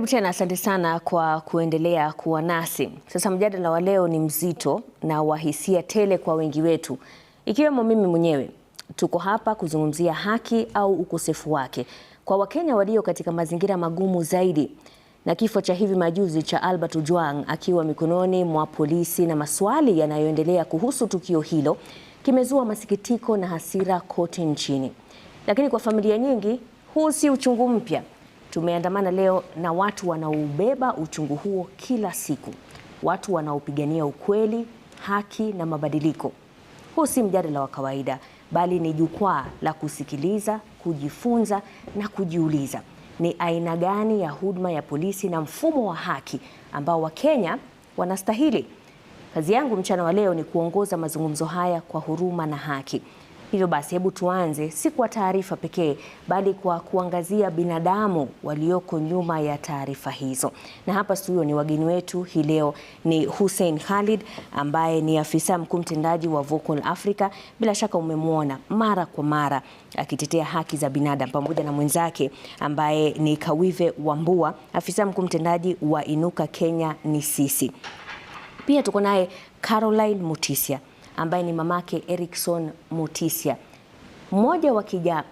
Karibu tena, asante sana kwa kuendelea kuwa nasi. Sasa mjadala wa leo ni mzito na wa hisia tele kwa wengi wetu, ikiwemo mimi mwenyewe. Tuko hapa kuzungumzia haki au ukosefu wake kwa Wakenya walio katika mazingira magumu zaidi, na kifo cha hivi majuzi cha Albert Ojwang akiwa mikononi mwa polisi na maswali yanayoendelea kuhusu tukio hilo kimezua masikitiko na hasira kote nchini. Lakini kwa familia nyingi, huu si uchungu mpya Tumeandamana leo na watu wanaoubeba uchungu huo kila siku, watu wanaopigania ukweli, haki na mabadiliko. Huu si mjadala wa kawaida, bali ni jukwaa la kusikiliza, kujifunza na kujiuliza ni aina gani ya huduma ya polisi na mfumo wa haki ambao Wakenya wanastahili. Kazi yangu mchana wa leo ni kuongoza mazungumzo haya kwa huruma na haki. Hivyo basi, hebu tuanze si kwa taarifa pekee, bali kwa kuangazia binadamu walioko nyuma ya taarifa hizo. Na hapa studio ni wageni wetu hii leo ni Hussein Khalid ambaye ni afisa mkuu mtendaji wa Vocal Africa. Bila shaka umemwona mara kwa mara akitetea haki za binadamu pamoja na mwenzake ambaye ni Kawive Wambua, afisa mkuu mtendaji wa Inuka Kenya ni sisi. Pia tuko naye Caroline Mutisia ambaye ni mamake Erikson Mutisia, mmoja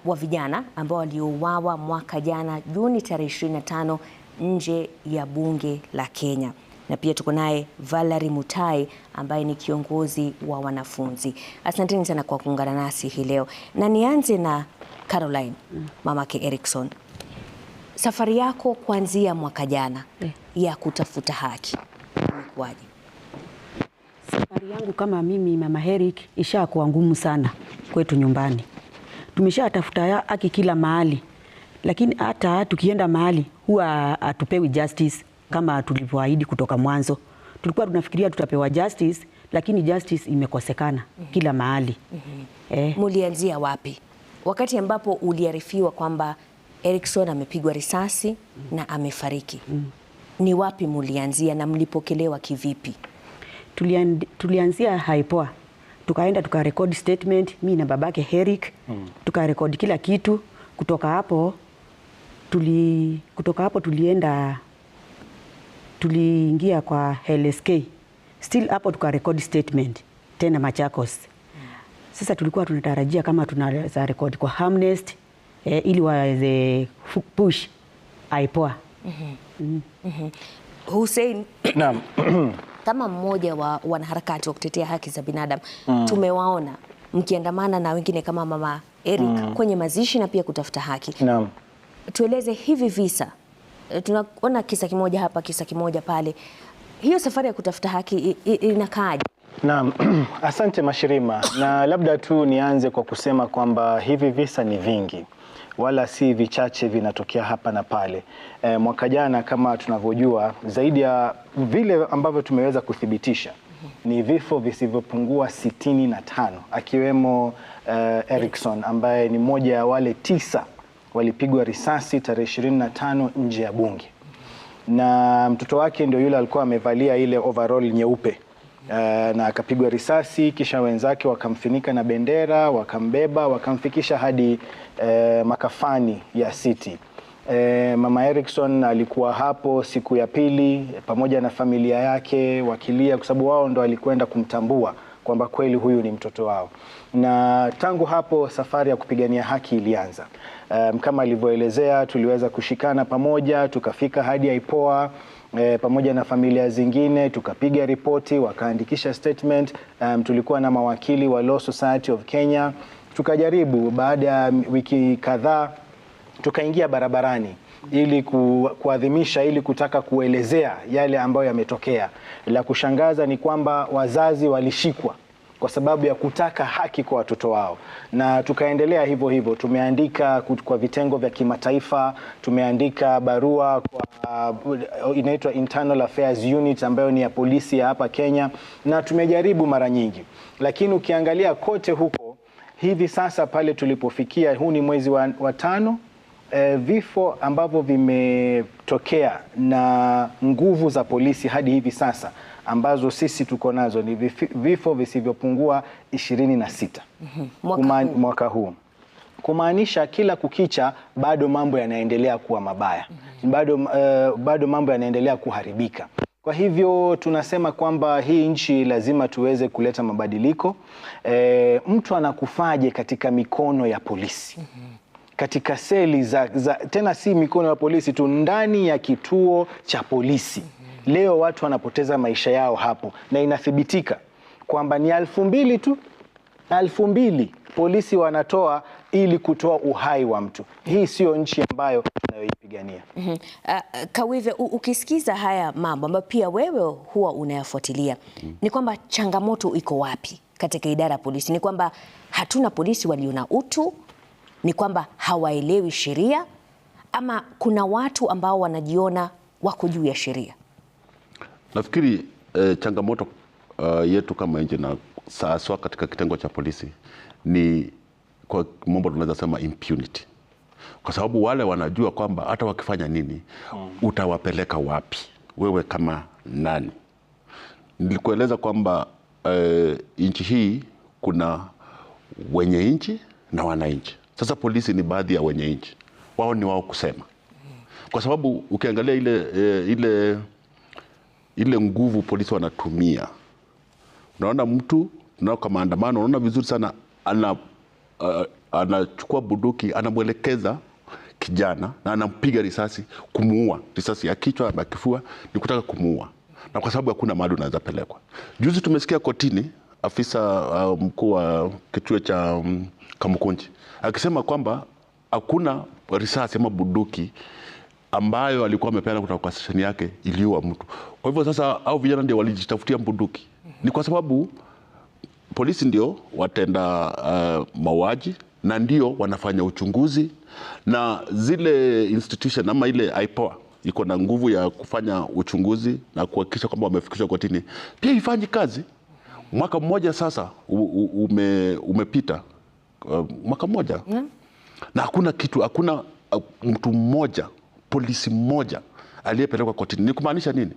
wa vijana ambao waliouawa mwaka jana Juni tarehe 25 nje ya bunge la Kenya na pia tuko naye Valerie Mutai ambaye ni kiongozi wa wanafunzi. Asanteni sana kwa kuungana nasi hii leo, na nianze na Caroline, mm. mamake Erikson, safari yako kuanzia mwaka jana eh. ya kutafuta haki imekuwaje? Safari yangu kama mimi Mama Heri ishakuwa ngumu sana kwetu nyumbani. Tumeshatafuta haki kila mahali, lakini hata tukienda mahali huwa hatupewi justice kama tulivyoahidi kutoka mwanzo. Tulikuwa tunafikiria tutapewa justice, lakini justice imekosekana mm -hmm. kila mahali mm -hmm. eh. Mulianzia wapi wakati ambapo uliarifiwa kwamba Erikson amepigwa risasi mm -hmm. na amefariki mm -hmm. ni wapi mulianzia na mlipokelewa kivipi? tulian, tulianzia haipoa tukaenda tukarekodi statement mi na babake Herik mm. tukarekodi kila kitu kutoka hapo tuli, kutoka hapo tulienda tuliingia kwa LSK still hapo tukarekodi statement tena Machakos. Sasa tulikuwa tunatarajia kama tunaweza rekodi kwa Hamnest eh, ili waweze push aipoa mhm. mm -hmm. mm. mm -hmm. Hussein naam kama mmoja wa wanaharakati wa kutetea haki za binadamu mm. tumewaona mkiandamana na wengine kama mama Eric mm. kwenye mazishi na pia kutafuta haki Naam. Tueleze hivi visa, eh, tunaona kisa kimoja hapa, kisa kimoja pale, hiyo safari ya kutafuta haki inakaaje? Naam, asante Mashirima, na labda tu nianze kwa kusema kwamba hivi visa ni vingi wala si vichache vinatokea hapa na pale. E, mwaka jana kama tunavyojua, zaidi ya vile ambavyo tumeweza kuthibitisha ni vifo visivyopungua sitini na tano akiwemo uh, Erickson ambaye ni mmoja ya wale tisa walipigwa risasi tarehe tano nje ya bunge, na mtoto wake ndio yule alikuwa amevalia ile overall nyeupe uh, na akapigwa risasi, kisha wenzake wakamfinika na bendera, wakambeba, wakamfikisha hadi eh, makafani ya City. Eh, Mama Erickson alikuwa hapo siku ya pili pamoja na familia yake wakilia, kwa sababu wao ndo walikwenda kumtambua kwamba kweli huyu ni mtoto wao, na tangu hapo safari ya kupigania haki ilianza. Um, kama alivyoelezea tuliweza kushikana pamoja tukafika hadi IPOA e, eh, pamoja na familia zingine tukapiga ripoti, wakaandikisha statement. Um, tulikuwa na mawakili wa Law Society of Kenya tukajaribu baada ya wiki kadhaa tukaingia barabarani ili ku, kuadhimisha ili kutaka kuelezea yale ambayo yametokea. La kushangaza ni kwamba wazazi walishikwa kwa sababu ya kutaka haki kwa watoto wao, na tukaendelea hivyo hivyo. Tumeandika kwa vitengo vya kimataifa, tumeandika barua kwa uh, inaitwa Internal Affairs Unit ambayo ni ya polisi ya hapa Kenya, na tumejaribu mara nyingi, lakini ukiangalia kote huko hivi sasa pale tulipofikia, huu ni mwezi wa, wa tano e, vifo ambavyo vimetokea na nguvu za polisi hadi hivi sasa ambazo sisi tuko nazo ni vifo visivyopungua ishirini na sita mhm. mwaka huu kumaanisha kila kukicha bado mambo yanaendelea kuwa mabaya. mm -hmm. Bado, uh, bado mambo yanaendelea kuharibika. Kwa hivyo tunasema kwamba hii nchi lazima tuweze kuleta mabadiliko. E, mtu anakufaje katika mikono ya polisi? Katika seli za, za tena si mikono ya polisi tu, ndani ya kituo cha polisi. Leo watu wanapoteza maisha yao hapo, na inathibitika kwamba ni elfu mbili tu elfu mbili polisi wanatoa ili kutoa uhai wa mtu. Hii siyo nchi ambayo anayoipigania. mm -hmm. Uh, Kawive, ukisikiza haya mambo ambayo pia wewe huwa unayafuatilia mm -hmm. ni kwamba changamoto iko wapi katika idara ya polisi? Ni kwamba hatuna polisi walio na utu? Ni kwamba hawaelewi sheria, ama kuna watu ambao wanajiona wako juu ya sheria? Nafikiri eh, changamoto uh, yetu kama nchi na saaswa katika kitengo cha polisi ni kwa mambo tunaweza sema impunity kwa sababu wale wanajua kwamba hata wakifanya nini mm. utawapeleka wapi, wewe kama nani. Nilikueleza kwamba eh, nchi hii kuna wenye nchi na wananchi. Sasa polisi ni baadhi ya wenye nchi, wao ni wao kusema, kwa sababu ukiangalia ile, eh, ile, ile nguvu polisi wanatumia, unaona mtu na kwa maandamano, unaona vizuri sana ana uh, anachukua bunduki, anamwelekeza kijana na anampiga risasi kumuua, risasi ya kichwa ya kifua, ni kutaka kumuua, na kwa sababu hakuna mahali unaweza pelekwa. Juzi tumesikia kotini afisa uh, mkuu wa kituo cha um, Kamukunji akisema kwamba hakuna risasi ama bunduki ambayo alikuwa amepeana kutoka kwa stesheni yake iliua mtu. Kwa hivyo sasa, au vijana ndio walijitafutia bunduki, ni kwa sababu polisi ndio watenda uh, mauaji na ndio wanafanya uchunguzi na zile institution ama ile IPOA iko na nguvu ya kufanya uchunguzi na kuhakikisha kwamba wamefikishwa kotini, pia ifanyi kazi. Mwaka mmoja sasa ume, umepita uh, mwaka mmoja mm, na hakuna kitu, hakuna uh, mtu mmoja, polisi mmoja aliyepelekwa kotini. Ni kumaanisha nini?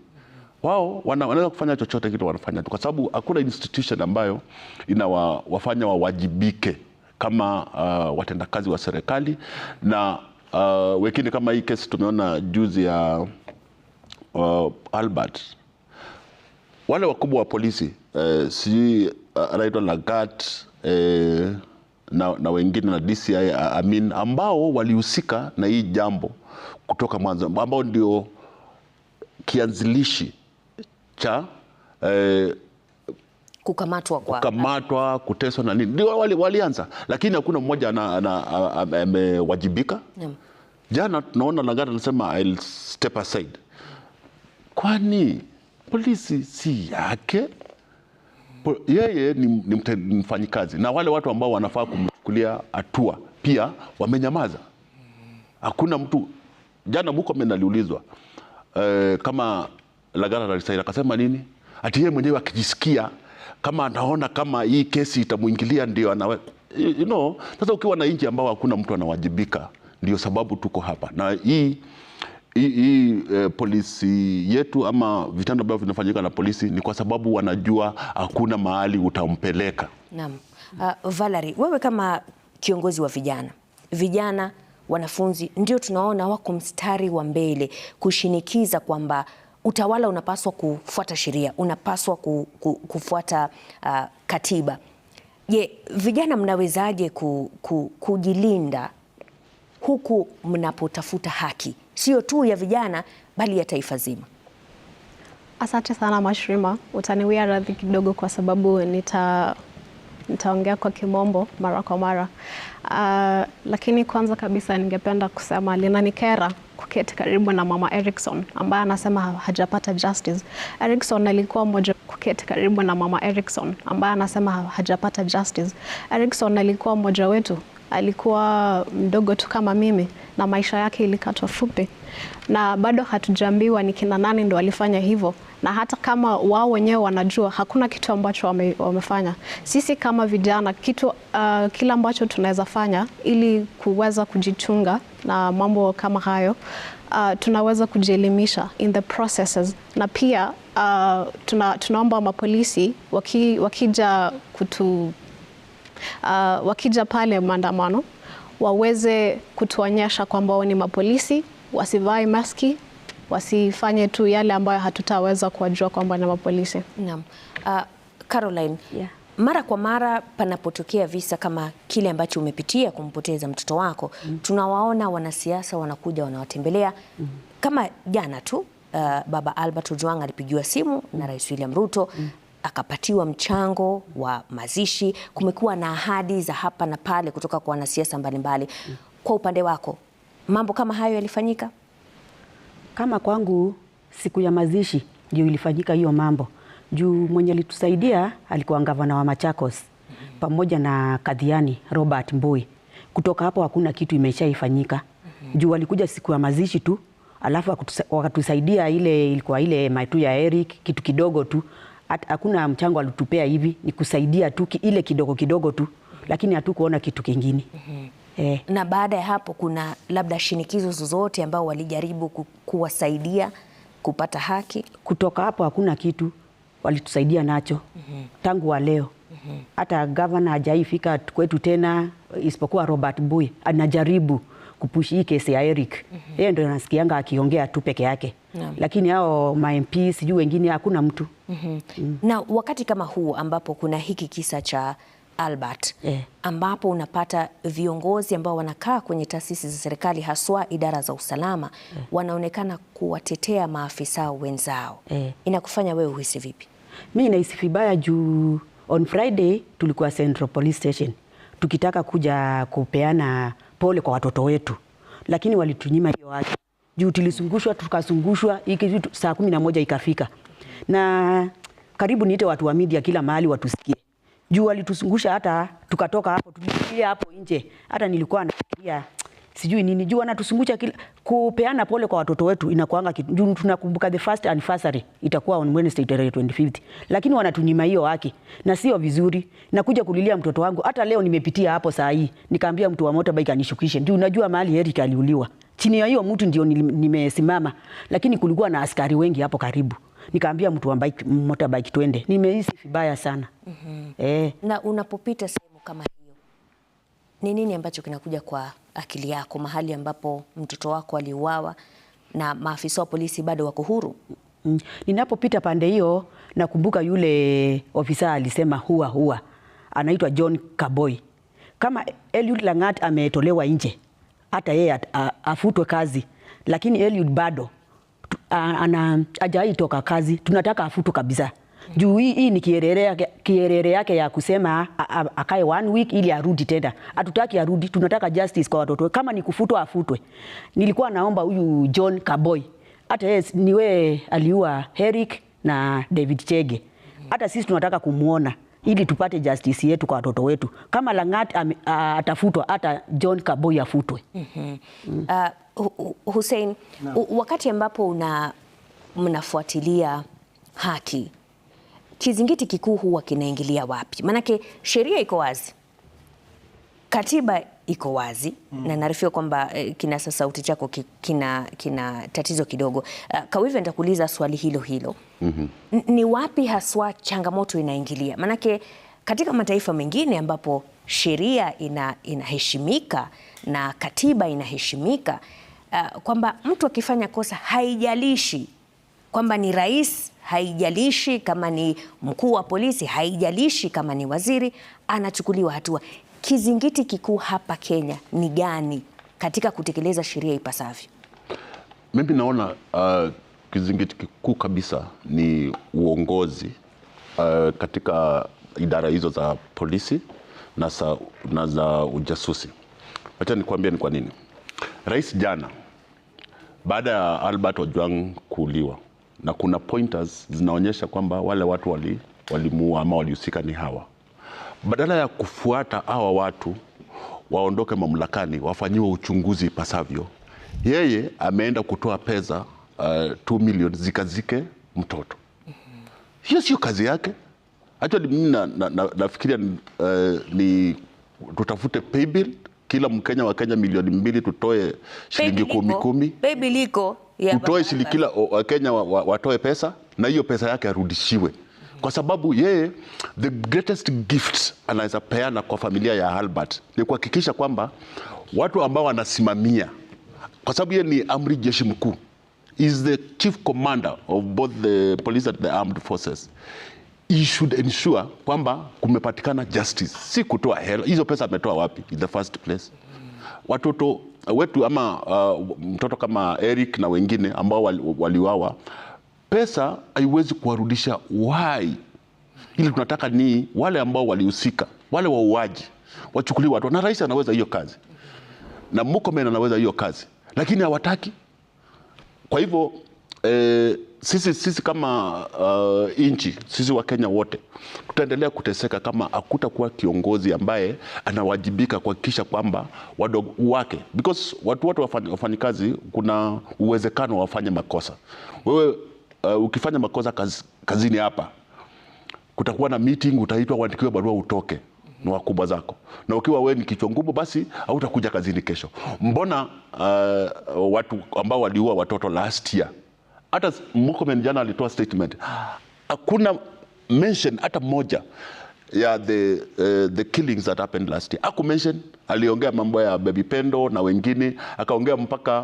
Wao wanaweza kufanya chochote kile wanafanya kwa sababu hakuna institution ambayo inawafanya wawajibike kama uh, watendakazi wa serikali na uh, wengine kama hii kesi tumeona juzi ya uh, Albert wale wakubwa wa polisi eh, sijui uh, Raila Lagat eh, na, na wengine na DCI I uh, Amin ambao walihusika na hii jambo kutoka mwanzo ambao ndio kianzilishi cha eh, kukamatwa kwa kukamatwa, kuteswa na nini, ndio wali, walianza, lakini hakuna mmoja amewajibika. Jana tunaona Lang'ata anasema I'll step aside, kwani polisi si yake? Yeye ni, ni mfanyikazi, na wale watu ambao wanafaa kumchukulia hatua pia wamenyamaza. Hakuna mtu. Jana Murkomen aliulizwa e, kama lagara alisaini akasema nini, ati yeye mwenyewe akijisikia kama anaona kama hii kesi itamwingilia ndio anaweka you know. Sasa ukiwa na nchi ambao hakuna mtu anawajibika, ndio sababu tuko hapa na hii hii eh, polisi yetu ama vitendo ambavyo vinafanyika na polisi ni kwa sababu wanajua hakuna mahali utampeleka. Naam. Uh, Valerie, wewe kama kiongozi wa vijana, vijana wanafunzi ndio tunaona wako mstari wa mbele kushinikiza kwamba utawala unapaswa kufuata sheria, unapaswa ku, ku, kufuata uh, katiba. Je, vijana mnawezaje ku, ku, kujilinda huku mnapotafuta haki sio tu ya vijana bali ya taifa zima? Asante sana Mashrima, utaniwia radhi kidogo kwa sababu nita nitaongea kwa kimombo mara kwa mara. Uh, lakini kwanza kabisa ningependa kusema linanikera kuketi karibu na mama Erikson ambaye anasema hajapata justice. Erikson alikuwa mmoja kuketi karibu na mama Erikson ambaye anasema hajapata justice. Erikson alikuwa mmoja wetu, alikuwa mdogo tu kama mimi na maisha yake ilikatwa fupi, na bado hatujaambiwa ni kina nani ndo alifanya hivyo na hata kama wao wenyewe wanajua hakuna kitu ambacho wame, wamefanya. Sisi kama vijana kitu uh, kila ambacho tunaweza fanya ili kuweza kujichunga na mambo kama hayo uh, tunaweza kujielimisha in the processes na pia uh, tuna, tunaomba mapolisi waki, wakija kutu uh, wakija pale maandamano waweze kutuonyesha kwamba wao ni mapolisi, wasivai maski wasifanye tu yale ambayo hatutaweza kuwajua kwamba na mapolisi. Naam. Uh, Caroline, yeah. Mara kwa mara panapotokea visa kama kile ambacho umepitia kumpoteza mtoto wako mm. Tunawaona wanasiasa wanakuja wanawatembelea mm. Kama jana tu uh, baba Albert Ojwang alipigiwa simu mm. na Rais William Ruto mm. akapatiwa mchango wa mazishi. Kumekuwa na ahadi za hapa na pale kutoka kwa wanasiasa mbalimbali mm. Kwa upande wako mambo kama hayo yalifanyika? kama kwangu siku ya mazishi ndio ilifanyika hiyo mambo juu mwenye alitusaidia alikuwa gavana wa Machakos pamoja na Kadhiani Robert Mbui. Kutoka hapo hakuna kitu imeshaifanyika juu alikuja siku ya mazishi tu, alafu wakatusaidia ile ilikuwa ile maitu ya Eric kitu kidogo tu, hakuna mchango alitupea hivi, ni kusaidia tu ile kidogo kidogo tu, lakini hatukuona kitu kingine eh. Na baada ya hapo kuna labda shinikizo zozote ambao walijaribu kuwasaidia kupata haki? Kutoka hapo hakuna kitu walitusaidia nacho mm -hmm. Tangu wa leo mm -hmm. Hata gavana hajaifika kwetu tena, isipokuwa Robert Bui anajaribu kupushi hii kesi ya Eric mm -hmm. Yeye ndio anasikianga akiongea tu peke yake no. Lakini hao ma MP sijui wengine hakuna mtu mm -hmm. mm. Na wakati kama huu ambapo kuna hiki kisa cha Albert yeah. ambapo unapata viongozi ambao wanakaa kwenye taasisi za serikali haswa idara za usalama yeah. wanaonekana kuwatetea maafisa wenzao yeah. inakufanya wewe uhisi vipi? Mimi nahisi vibaya juu on Friday tulikuwa Central Police Station tukitaka kuja kupeana pole kwa watoto wetu, lakini walitunyima hiyo haki juu tulisungushwa tukasungushwa, saa kumi na moja ikafika, na karibu niite watu wa media kila mahali watusikie juu alituzungusha hata tukatoka hapo tulikuja hapo nje. Hata nilikuwa nafikiria sijui nini juu anatusungusha kila kupeana pole kwa watoto wetu inakuanga kitu juu tunakumbuka the first anniversary itakuwa on Wednesday tarehe 25 lakini wanatunyima hiyo haki na sio vizuri na kuja kulilia mtoto wangu hata leo nimepitia hapo saa hii nikaambia mtu wa motorbike anishukishe ndio unajua mahali Eric aliuliwa chini ya hiyo mtu ndio nimesimama lakini kulikuwa na askari wengi hapo karibu Nikaambia mtu wa bike, motorbike twende. Nimehisi vibaya sana. Mm -hmm. Eh. Na unapopita sehemu kama hiyo, ni nini ambacho kinakuja kwa akili yako, mahali ambapo mtoto wako aliuawa na maafisa wa polisi bado wako huru? Mm. Ninapopita pande hiyo nakumbuka yule ofisa alisema huwa huwa anaitwa John Kaboi. Kama Eliud Langat ametolewa nje, hata yeye afutwe kazi, lakini Eliud bado ana toka kazi, tunataka afutu kabisa juu hii, hii ni kierere yake, kierere yake ya kusema akae one week ili arudi tena. Hatutaki arudi, tunataka justice kwa watoto. Kama ni kufutwa afutwe. Nilikuwa naomba huyu John kaboy hata yes, niwe aliua Eric na David Chege, hata sisi tunataka kumuona ili tupate justice yetu kwa watoto wetu. Kama Lang'at atafutwa, hata John Kaboi afutwe. mm -hmm. mm. Uh, Hussein, no. wakati ambapo una mnafuatilia haki, kizingiti kikuu huwa kinaingilia wapi? Maanake sheria iko wazi, katiba iko wazi mm. na naarifiwa kwamba eh, kinasa sauti chako kina, kina tatizo kidogo. Eh, Kawiva, nitakuuliza swali hilo hilo mm -hmm. ni wapi haswa changamoto inaingilia? Maanake katika mataifa mengine ambapo sheria ina, inaheshimika na katiba inaheshimika uh, kwamba mtu akifanya kosa haijalishi kwamba ni rais, haijalishi kama ni mkuu wa polisi, haijalishi kama ni waziri, anachukuliwa hatua. Kizingiti kikuu hapa Kenya ni gani katika kutekeleza sheria ipasavyo? Mimi naona uh, kizingiti kikuu kabisa ni uongozi uh, katika idara hizo za polisi na, za, na za ujasusi. Acha nikwambie ni kwa nini. Rais jana baada ya Albert Ojwang kuuliwa na kuna pointers zinaonyesha kwamba wale watu walimuua wali ama walihusika ni hawa badala ya kufuata hawa watu waondoke mamlakani, wafanyiwe uchunguzi ipasavyo. Yeye ameenda kutoa pesa uh, milioni zikazike mtoto. Hiyo sio kazi yake. Hata mimi na, na, na, nafikiria uh, ni tutafute pay bill kila Mkenya wa Kenya milioni mbili tutoe shilingi kumi kumi, pay bill iko tutoe shilingi kila Wakenya watoe pesa na hiyo pesa yake arudishiwe kwa sababu yeye the greatest gift anaweza peana kwa familia ya Albert ni kuhakikisha kwamba watu ambao wanasimamia, kwa sababu yeye ni amri jeshi mkuu, is the chief commander of both the police and the armed forces. He should ensure kwamba kumepatikana justice, si kutoa hela. Hizo pesa ametoa wapi in the first place? Watoto wetu ama uh, mtoto kama Eric na wengine ambao waliwawa wali pesa haiwezi kuwarudisha uhai. Ili tunataka ni wale ambao walihusika, wale wauaji wachukuliwe watu, na rais anaweza hiyo kazi na mukomen anaweza hiyo kazi, lakini hawataki. Kwa hivyo eh, sisi, sisi kama uh, nchi sisi Wakenya wote tutaendelea kuteseka kama hakutakuwa kiongozi ambaye anawajibika kuhakikisha kwamba wadogo wake, because watu wote wafanyikazi, kuna uwezekano wafanye makosa. Wewe uh, ukifanya makosa kaz, kazini hapa kutakuwa na meeting, utaitwa uandikiwe barua utoke na wakubwa zako, na ukiwa wewe ni kichwa ngumu, basi hautakuja kazini kesho. Mbona uh, watu ambao waliua watoto last year, hata Murkomen jana alitoa statement, hakuna mention hata moja ya the, uh, the killings that happened last year. Aku mention aliongea mambo ya Baby Pendo na wengine, akaongea mpaka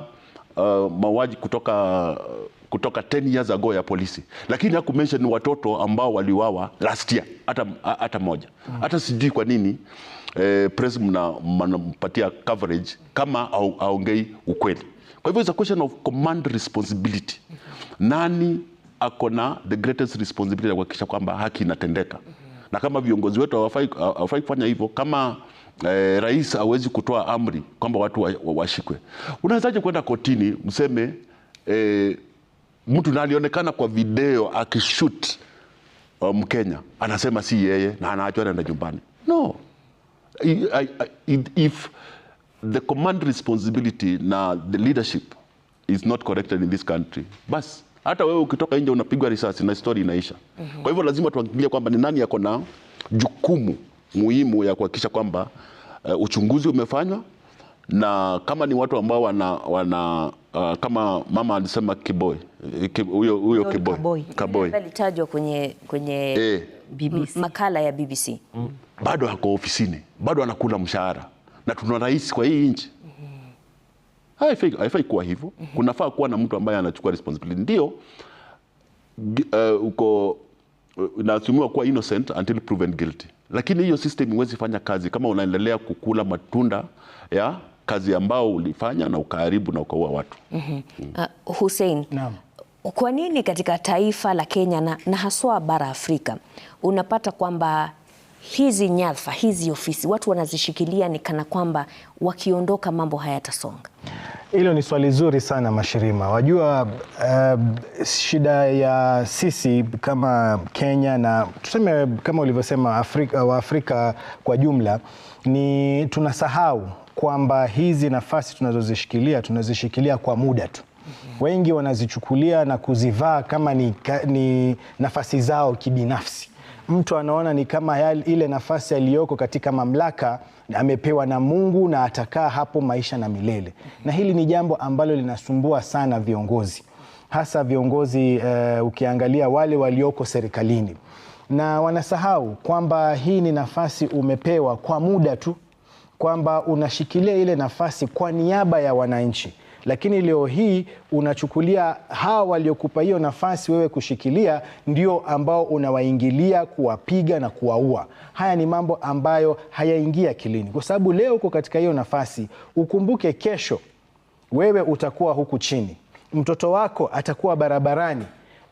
uh, mauaji kutoka uh, kutoka 10 years ago ya polisi, lakini hakumention watoto ambao waliwawa last year hata, hata moja mm. hata sijui kwa nini eh, press mnampatia coverage kama aongei ukweli. Kwa hivyo it's a question of command responsibility. Nani ako na the greatest responsibility ya kuhakikisha kwamba haki inatendeka? Mm-hmm. Na kama viongozi wetu hawafai kufanya hivyo, kama eh, rais hawezi kutoa amri kwamba watu washikwe wa, wa, unawezaje kwenda kotini mseme eh, mtu na alionekana kwa video akishut Mkenya um, anasema si yeye na anaachwa anaenda nyumbani. No, I, I, I, if the command responsibility na the leadership is not corrected in this country, bas hata wewe ukitoka nje unapigwa risasi na story inaisha. mm -hmm. Kwa hivyo lazima tuangalie kwamba ni nani yako na jukumu muhimu ya kuhakikisha kwamba uh, uchunguzi umefanywa na kama ni watu ambao wana, wana uh, kama mama alisema kiboy eh, huyo huyo kiboy Kaboi alitajwa kwenye, kwenye e, eh. BBC. makala ya BBC mm. bado hako ofisini bado anakula mshahara na tuna rais kwa hii nchi mm -hmm. kuwa hivyo mm -hmm. kunafaa kuwa na mtu ambaye anachukua responsibility ndio uh, uko inatumiwa kuwa innocent until proven guilty, lakini hiyo system iwezi fanya kazi kama unaendelea kukula matunda ya kazi ambao ulifanya na ukaharibu na ukaua watu. Mhm. mm -hmm. mm. Uh, Hussein, naam. Kwa nini katika taifa la Kenya na, na haswa bara Afrika unapata kwamba hizi nyadhifa hizi ofisi watu wanazishikilia ni kana kwamba wakiondoka mambo hayatasonga? Hilo ni swali zuri sana Mashirima. Wajua, uh, shida ya sisi kama Kenya na tuseme kama ulivyosema Afrika, Waafrika kwa jumla ni tunasahau kwamba hizi nafasi tunazozishikilia tunazishikilia kwa muda tu. Mhm. Wengi wanazichukulia na kuzivaa kama ni, ni nafasi zao kibinafsi. Mtu anaona ni kama yale, ile nafasi aliyoko katika mamlaka amepewa na Mungu na atakaa hapo maisha na milele, mhm. na hili ni jambo ambalo linasumbua sana viongozi, hasa viongozi uh, ukiangalia wale walioko serikalini, na wanasahau kwamba hii ni nafasi umepewa kwa muda tu kwamba unashikilia ile nafasi kwa niaba ya wananchi, lakini leo hii unachukulia hawa waliokupa hiyo nafasi wewe kushikilia ndio ambao unawaingilia kuwapiga na kuwaua. Haya ni mambo ambayo hayaingia kilini kwa sababu leo uko katika hiyo nafasi. Ukumbuke kesho wewe utakuwa huku chini, mtoto wako atakuwa barabarani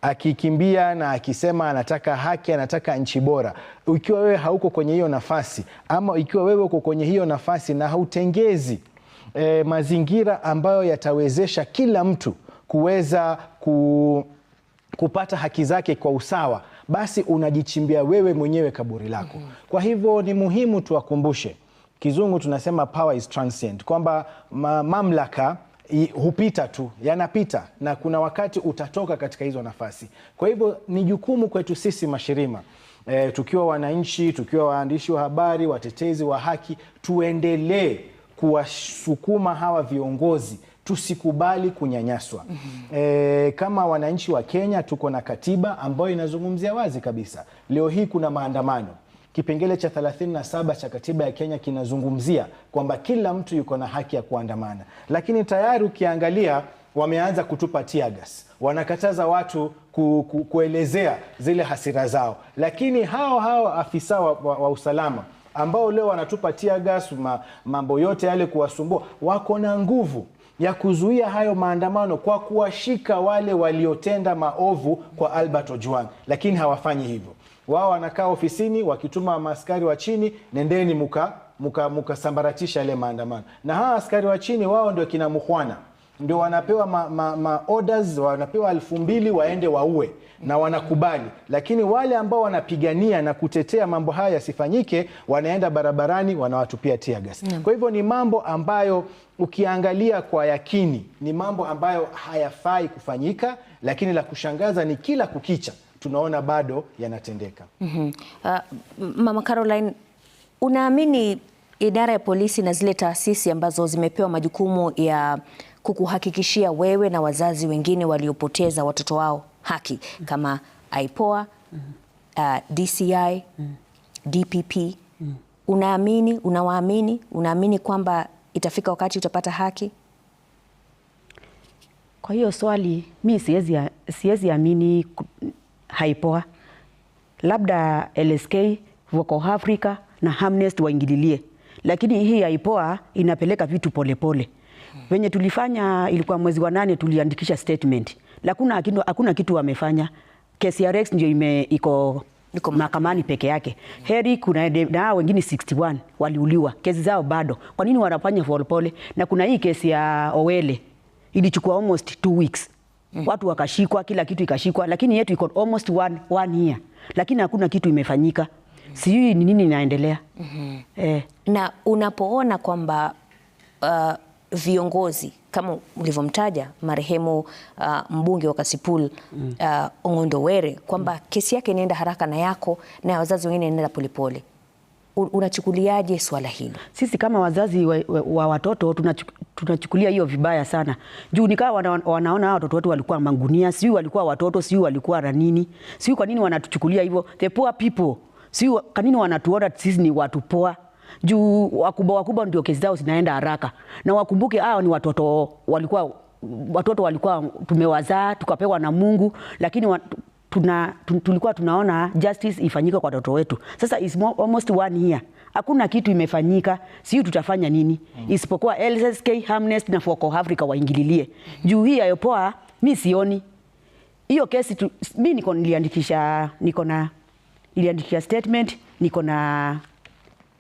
akikimbia na akisema anataka haki, anataka nchi bora. Ikiwa wewe hauko kwenye hiyo nafasi ama ikiwa wewe uko kwenye hiyo nafasi na hautengezi e, mazingira ambayo yatawezesha kila mtu kuweza ku, kupata haki zake kwa usawa, basi unajichimbia wewe mwenyewe kaburi lako. Mm-hmm. Kwa hivyo ni muhimu tuwakumbushe, kizungu tunasema power is transient, kwamba mamlaka hupita tu, yanapita na kuna wakati utatoka katika hizo nafasi. Kwa hivyo ni jukumu kwetu sisi mashirima e, tukiwa wananchi, tukiwa waandishi wa habari, watetezi wa haki, tuendelee kuwasukuma hawa viongozi tusikubali kunyanyaswa. mm -hmm. E, kama wananchi wa Kenya tuko na katiba ambayo inazungumzia wazi kabisa. Leo hii kuna maandamano Kipengele cha 37 cha katiba ya Kenya kinazungumzia kwamba kila mtu yuko na haki ya kuandamana, lakini tayari ukiangalia wameanza kutupa tear gas, wanakataza watu ku, ku, kuelezea zile hasira zao, lakini hao hao afisa wa, wa, wa usalama ambao leo wanatupa tear gas, mambo yote yale kuwasumbua, wako na nguvu ya kuzuia hayo maandamano kwa kuwashika wale waliotenda maovu kwa Albert Ojwang, lakini hawafanyi hivyo wao wanakaa ofisini wakituma maaskari wa chini, nendeni muka muka mukasambaratisha yale maandamano. Na hawa askari wa chini wao ndio kina Mukhwana, ndio wanapewa ma, ma, ma orders, wanapewa elfu mbili waende waue na wanakubali, lakini wale ambao wanapigania na kutetea mambo haya yasifanyike wanaenda barabarani wanawatupia tear gas. Kwa hivyo ni mambo ambayo ukiangalia kwa yakini ni mambo ambayo hayafai kufanyika, lakini la kushangaza ni kila kukicha tunaona bado yanatendeka. mm -hmm. Uh, Mama Caroline, unaamini idara ya polisi na zile taasisi ambazo zimepewa majukumu ya kukuhakikishia wewe na wazazi wengine waliopoteza watoto wao haki mhm. kama IPOA, mm -hmm. uh, DCI, mm -hmm. DPP, mm -hmm. unaamini, unawaamini, unaamini kwamba itafika wakati utapata haki? Kwa hiyo swali mi siwezi amini haipoa, labda LSK Voko Africa na Amnesty waingililie, lakini hii haipoa inapeleka vitu polepole venye tulifanya ilikuwa mwezi wa nane, tuliandikisha statement, lakuna hakuna kitu wamefanya. KCRX ndio ime iko mahakamani peke yake. Heri kuna na wengine 61 waliuliwa, kesi zao bado. Kwa nini wanafanya polepole? Na kuna hii kesi ya Owele ilichukua almost two weeks mm. watu wakashikwa, kila kitu ikashikwa, lakini yetu iko almost one, one year, lakini hakuna kitu imefanyika. Mm. Sijui ni nini inaendelea. mm -hmm. eh. Na unapoona kwamba uh, viongozi kama ulivyomtaja marehemu uh, mbunge wa Kasipul mm. uh, Ong'ondo Were kwamba mm. kesi yake inaenda haraka na yako na ya wazazi wengine inaenda polepole unachukuliaje swala hilo? Sisi kama wazazi wa, wa, wa watoto tunachukulia hiyo vibaya sana, juu nikawa wana, wanaona watoto wetu walikuwa mangunia, sijui walikuwa watoto, sijui walikuwa na nini, sijui kwa nini wanatuchukulia hivyo. The poor people, sijui kwa nini wanatuona sisi ni watu poa juu wakubwa wakubwa ndio kesi zao zinaenda haraka, na wakumbuke hao ni watoto walikuwa watoto walikuwa tumewazaa tukapewa na Mungu, lakini tuna, tulikuwa tunaona justice ifanyike kwa watoto wetu. Sasa is almost one year hakuna kitu imefanyika, siu tutafanya nini? mm Isipokuwa LSK, Amnesty na Foko Africa waingililie juu hii ayopoa, mi sioni hiyo kesi tu, mi niko niliandikisha, niko na iliandikisha statement, niko na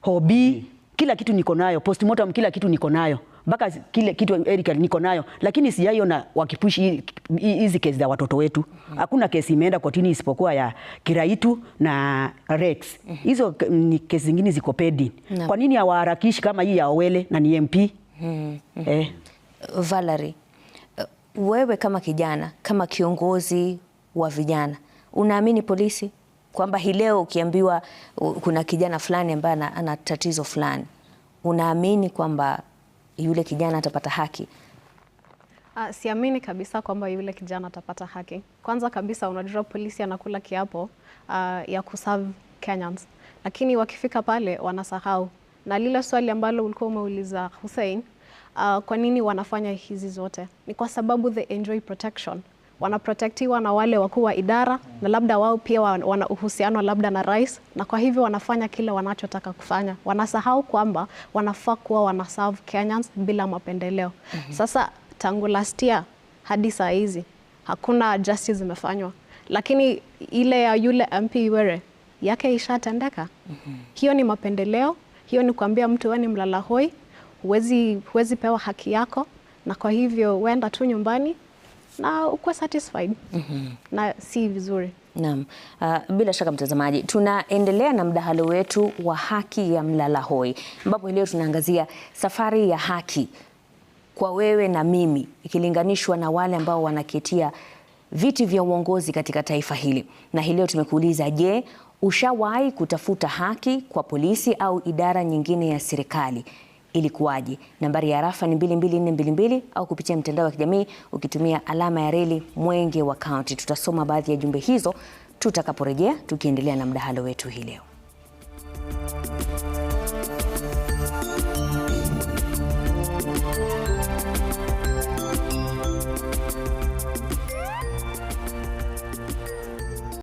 hobi, mm-hmm. kila kitu niko nayo, postmortem, kila kitu niko nayo mpaka kile kitu Eric niko nayo, lakini sijaiona wakipush hizi kesi za watoto wetu. Hakuna kesi imeenda kotini isipokuwa ya Kiraitu na Rex. Hizo ni kesi zingine ziko pending. Kwa nini hawaharakishi kama hii ya Owele na ni MP? Hmm. Eh. Hmm. Valerie, uh, wewe kama kijana, kama kiongozi wa vijana, unaamini polisi kwamba hii leo ukiambiwa kuna kijana fulani ambaye ana tatizo fulani, unaamini kwamba yule kijana atapata haki? Uh, siamini kabisa kwamba yule kijana atapata haki. Kwanza kabisa unajua polisi anakula kiapo uh, ya kuserve Kenyans, lakini wakifika pale wanasahau. Na lile swali ambalo ulikuwa umeuliza Hussein, uh, kwa nini wanafanya hizi zote? Ni kwa sababu they enjoy protection wanaprotektiwa na wale wakuu wa idara na labda wao pia wana uhusiano labda na rais, na kwa hivyo wanafanya kile wanachotaka kufanya. Wanasahau kwamba wanafaa kuwa wanaserve Kenyans bila mapendeleo. mm -hmm. Sasa tangu last year hadi saa hizi hakuna justice zimefanywa, lakini ile ya yule MP Were yake ishatendeka. mm -hmm. Hiyo ni mapendeleo, hiyo ni kuambia mtu wewe ni mlalahoi, huwezi huwezi pewa haki yako, na kwa hivyo wenda tu nyumbani na ukuwa satisfied mm -hmm. na si vizuri Naam. Uh, bila shaka mtazamaji, tunaendelea na mdahalo wetu wa haki ya mlala hoi ambapo leo tunaangazia safari ya haki kwa wewe na mimi ikilinganishwa na wale ambao wanaketia viti vya uongozi katika taifa hili. Na hii leo tumekuuliza, je, ushawahi kutafuta haki kwa polisi au idara nyingine ya serikali? ilikuwaje? Nambari ya rafa ni 22422 au kupitia mtandao wa kijamii ukitumia alama ya reli Mwenge wa Kaunti. Tutasoma baadhi ya jumbe hizo tutakaporejea tukiendelea na mdahalo wetu hii leo.